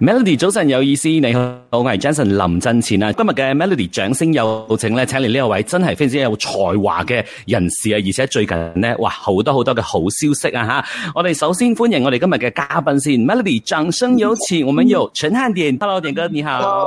Melody 早晨有意思，你好，我係 Jason 林振前啊。今日嘅 Melody 掌聲有請咧，請嚟呢位真係非常之有才華嘅人士啊，而且最近呢，哇好多好多嘅好消息啊吓！我哋首先歡迎我哋今日嘅嘉賓先，Melody 掌聲有請，我們有陳漢典，Hello 典哥你好。